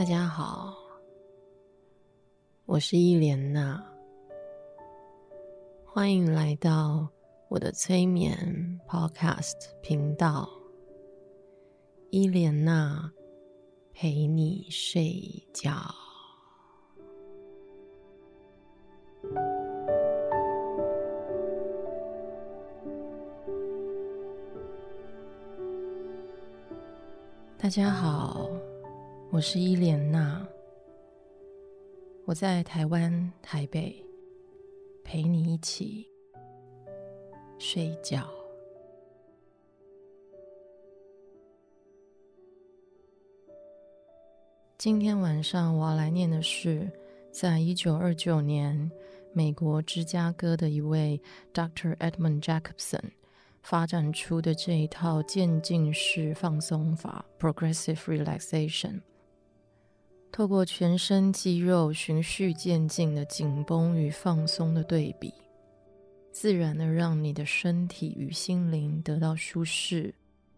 大家好，我是伊蓮娜，歡迎來到我的催眠 Podcast 頻道，伊蓮娜陪你睡覺。大家好。我是伊蓮娜，我在台灣台北陪你一起睡覺。今天晚上我要來念的是，在一九二九年，美國芝加哥的一位 Dr. Edmund Jacobson 發展出的這一套漸進式放鬆法 （Progressive Relaxation）。Progress 透過全身肌肉循序漸進的緊繃與放鬆的對比，自然的讓你的身體與心靈得到舒適、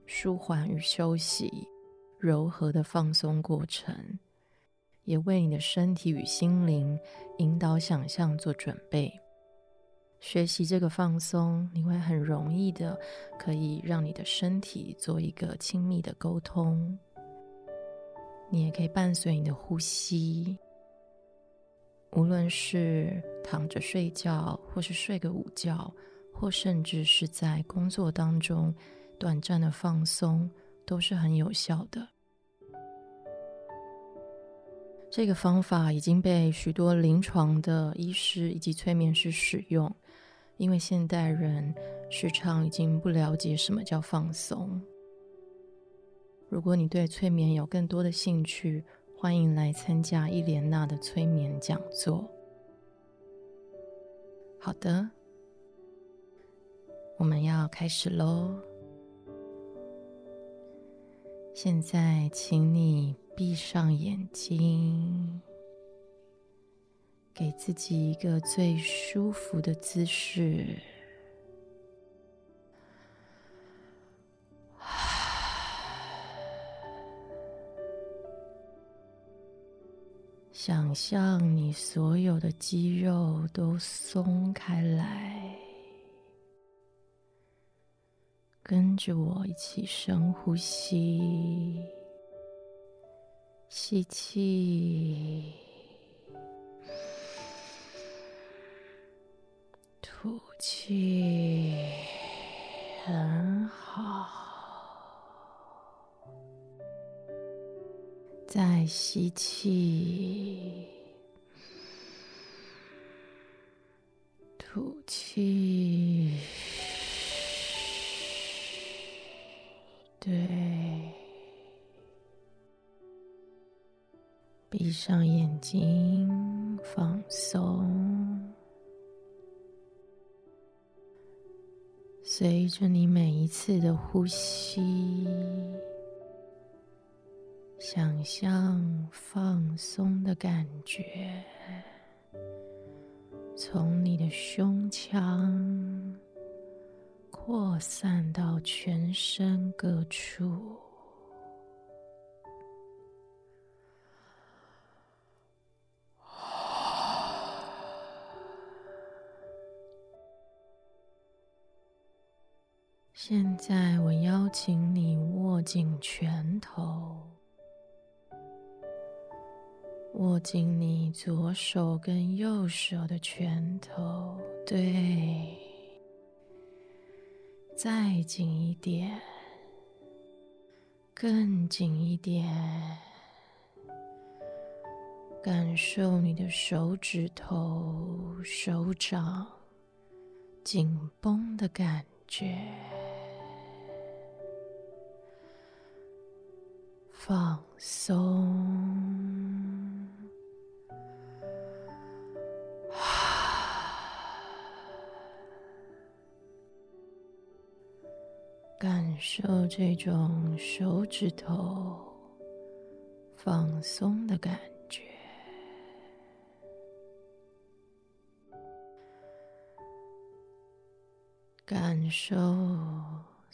舒緩與休息，柔和的放鬆過程，也為你的身體與心靈引導想象做準備。學習這個放鬆，你會很容易的可以讓你的身體做一個親密的溝通。你也可以伴隨你的呼吸，無論是躺着睡覺，或是睡個午覺，或甚至是在工作當中短暫的放鬆，都是很有效的。這個方法已經被許多臨床的醫師以及催眠師使用，因為現代人時常已經不了解什麼叫放鬆。如果你對催眠有更多的興趣，歡迎來參加伊蓮娜的催眠講座。好的，我們要開始嘍。現在，請你閉上眼睛，給自己一個最舒服的姿勢。想象你所有的肌肉都鬆開來，跟着我一起深呼吸，吸氣，吐氣，吐氣，很好。再吸氣，吐氣。對，閉上眼睛，放鬆，隨着你每一次的呼吸。想象放鬆的感覺，從你的胸腔擴散到全身各處。現在，我邀請你握緊拳頭。握緊你左手跟右手的拳頭，對，再緊一點，更緊一點，感受你的手指頭、手掌緊繃的感覺。放鬆。感受這種手指頭放鬆的感覺，感受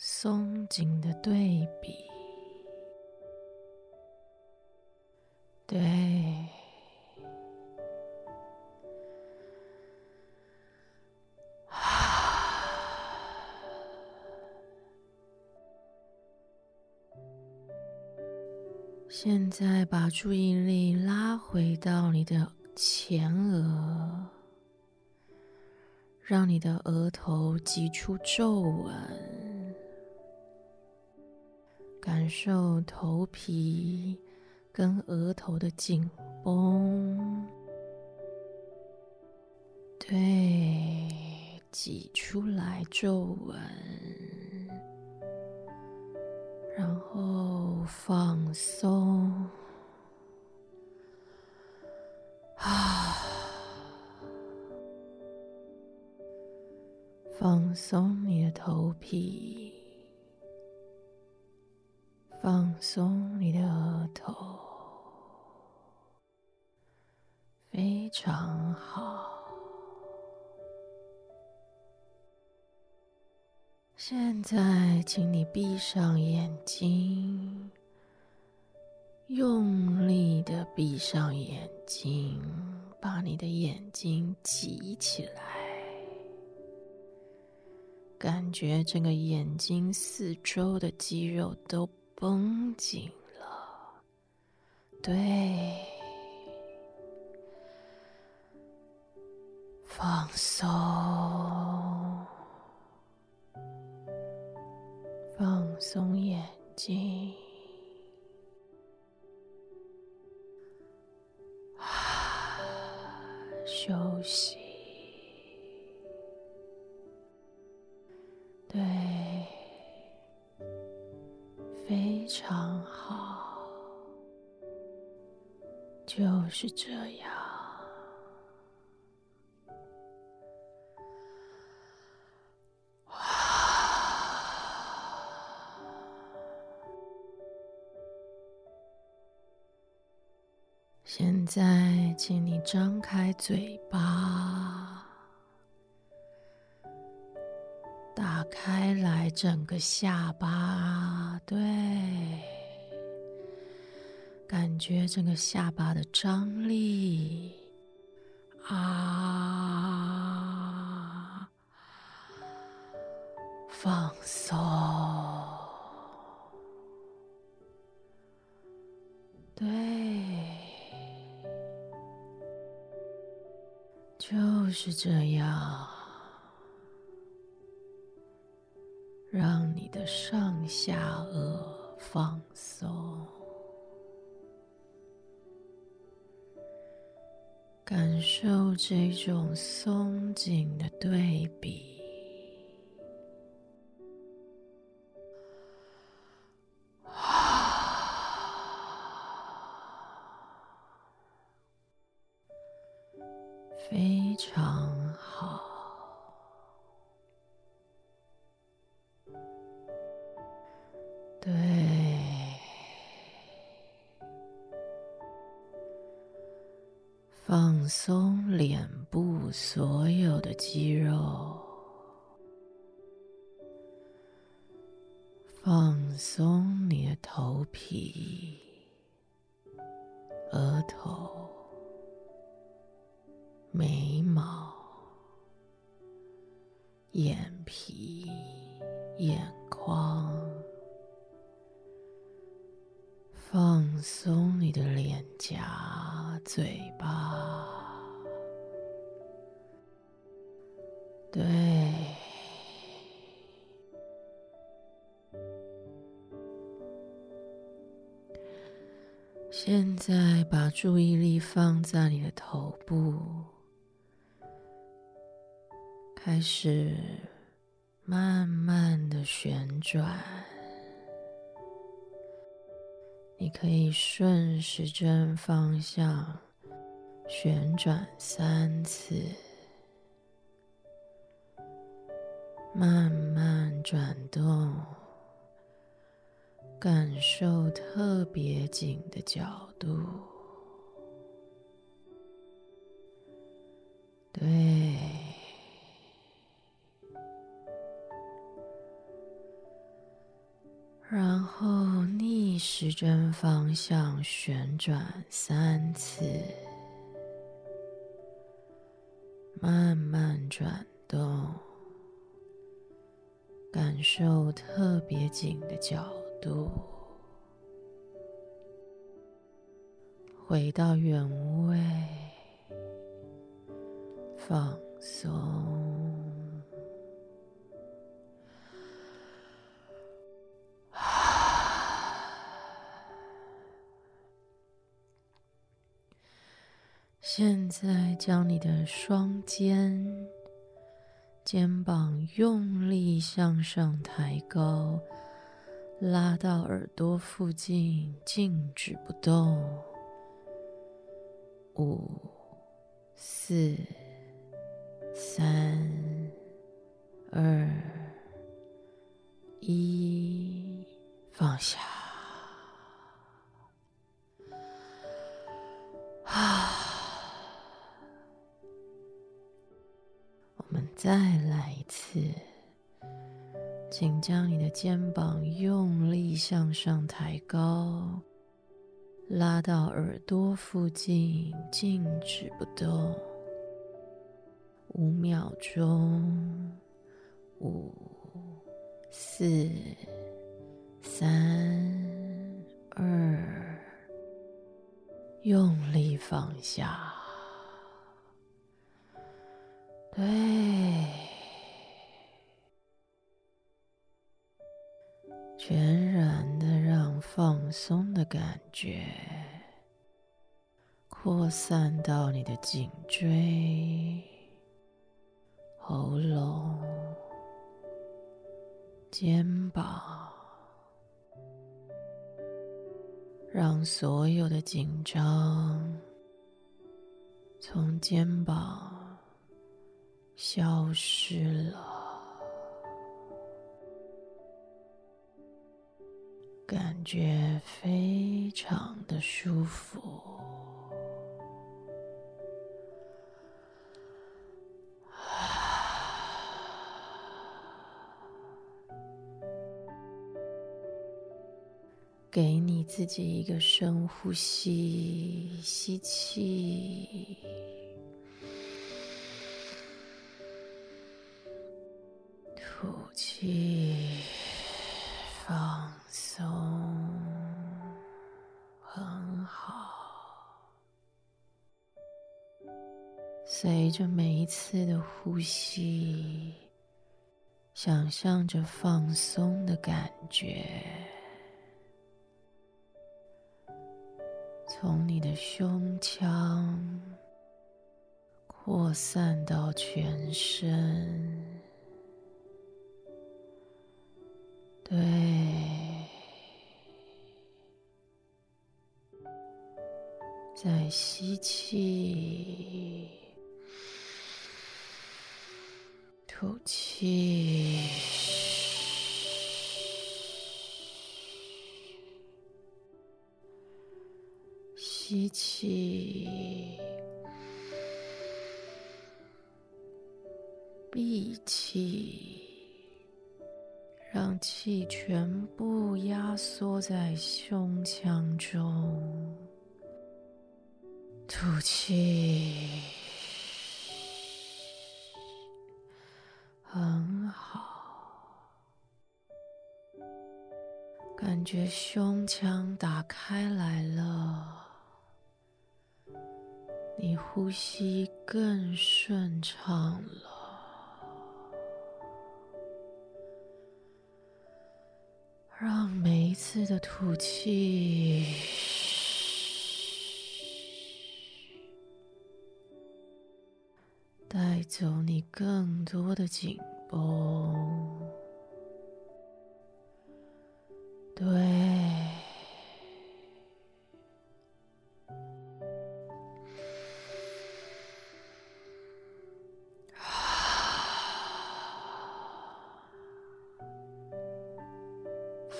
鬆緊的對比，對。現在把注意力拉回到你的前額，讓你的額頭擠出皺紋，感受頭皮跟額頭的緊繃，對，擠出來皺紋，然後。放鬆，啊！放鬆你的頭皮，放鬆你的額頭，非常好。現在，請你閉上眼睛。用力的閉上眼睛，把你的眼睛擠起來，感覺整個眼睛四周的肌肉都繃緊了。對，放鬆，放鬆眼睛。休息，對，非常好，就是這樣。現在，請你張開嘴巴，打開來整個下巴，對，感覺整個下巴的張力啊，放鬆。就是這樣，讓你的上下顎放鬆，感受這種鬆緊的對比。放鬆你的頭皮、額頭、眉毛。旋轉，轉，你可以順時針方向旋轉三次，慢慢轉動，感受特別緊的角度，對。然後逆時針方向旋轉三次，慢慢轉動，感受特別緊的角度，回到原位，放鬆。現在將你的雙肩、肩膀用力向上抬高，拉到耳朵附近，靜止不動。五、四、三、二、一，放下。再來一次，請將你的肩膀用力向上抬高，拉到耳朵附近，靜止不動。五秒鐘，五、四、三、二，用力放下。對，全然的讓放鬆的感覺擴散到你的頸椎、喉嚨、肩膀，讓所有的緊張從肩膀。消失了，感覺非常的舒服。啊，給你自己一個深呼吸，吸氣。吸，放鬆，很好。隨着每一次的呼吸，想像着放鬆的感覺，從你的胸腔擴散到全身。再吸氣，吐氣，吸氣，閉氣，讓氣全部壓縮在胸腔中。吐氣，很好，感覺胸腔打開來了，你呼吸更順暢了，讓每一次的吐氣。帶走你更多的緊繃，對，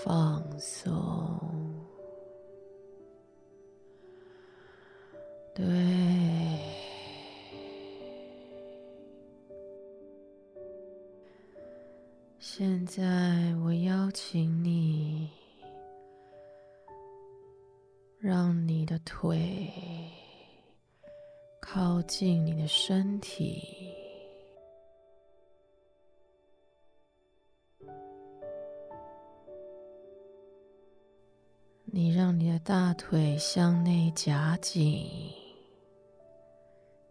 放鬆。緊你的身體，你讓你的大腿向內夾緊，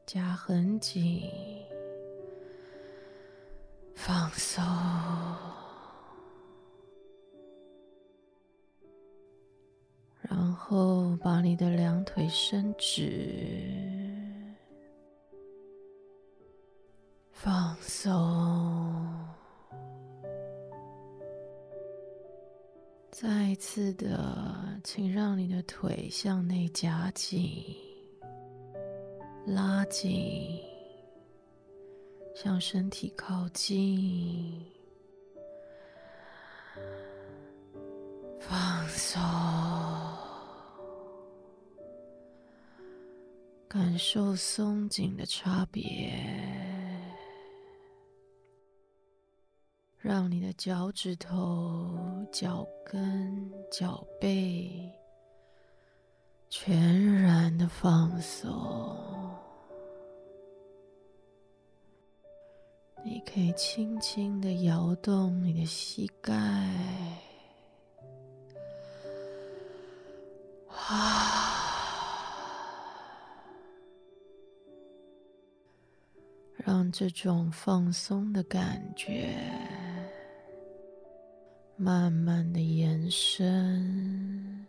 夾很緊，放鬆，然後把你的兩腿伸直。鬆，再一次的，請讓你的腿向內夾緊、拉緊，向身體靠近，放鬆，感受鬆緊的差別。讓你的腳趾頭、腳跟、腳背全然的放鬆。你可以輕輕的搖動你的膝蓋，啊，讓這種放鬆的感覺。慢慢的延伸，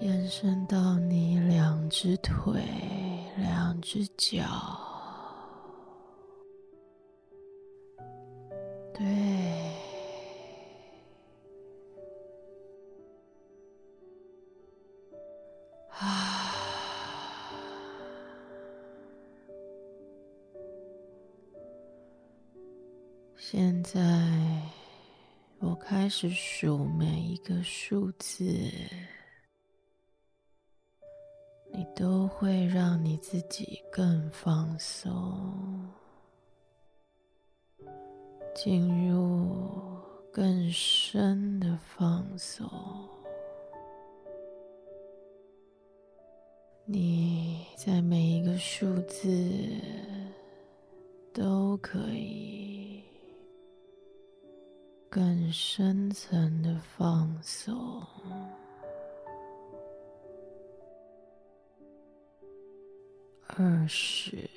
延伸到你兩隻腿、兩隻腳，對。但是數每一個數字，你都會讓你自己更放鬆，進入更深的放鬆。你在每一個數字都可以。更深層的放鬆，二十，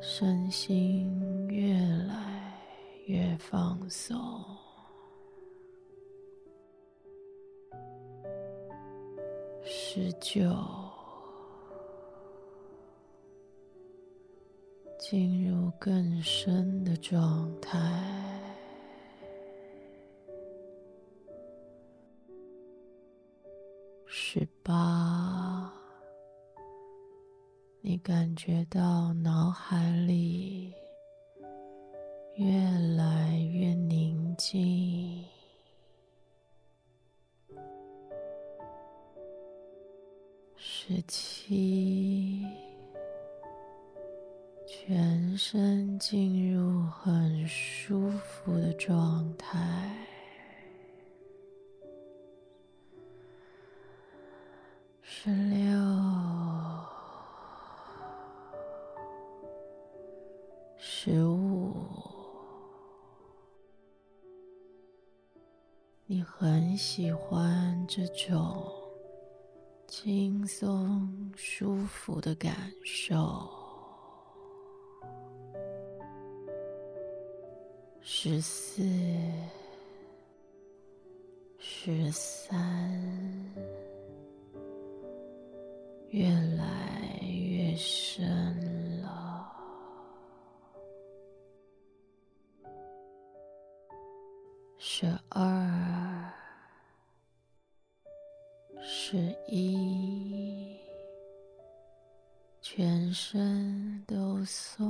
身心越來越放鬆，十九。進入更深的狀態。十八，你感覺到腦海裡越來越寧靜。十七。全身進入很舒服的狀態，十六、十五，你很喜歡這種輕鬆、舒服的感受。十四、十三，越來越深了。十二、十一，全身都鬆。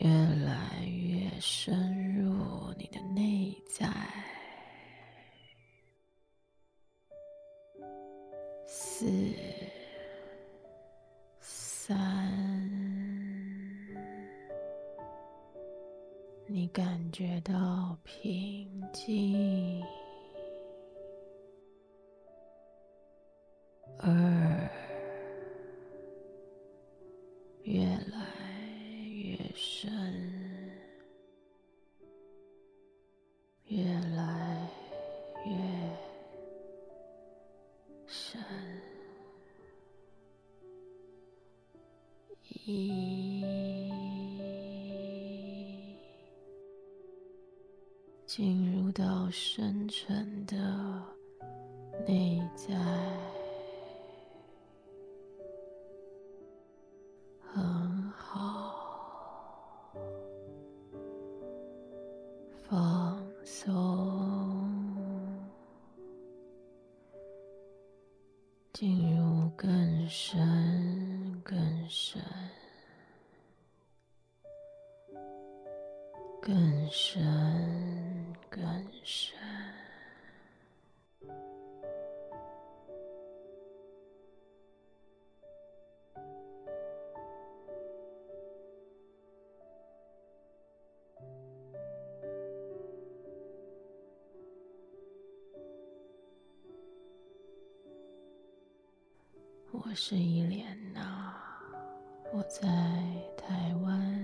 越來越深入你的內在，四、三，你感覺到平靜。進入到深沉的內在。我是伊蓮娜，我在台灣。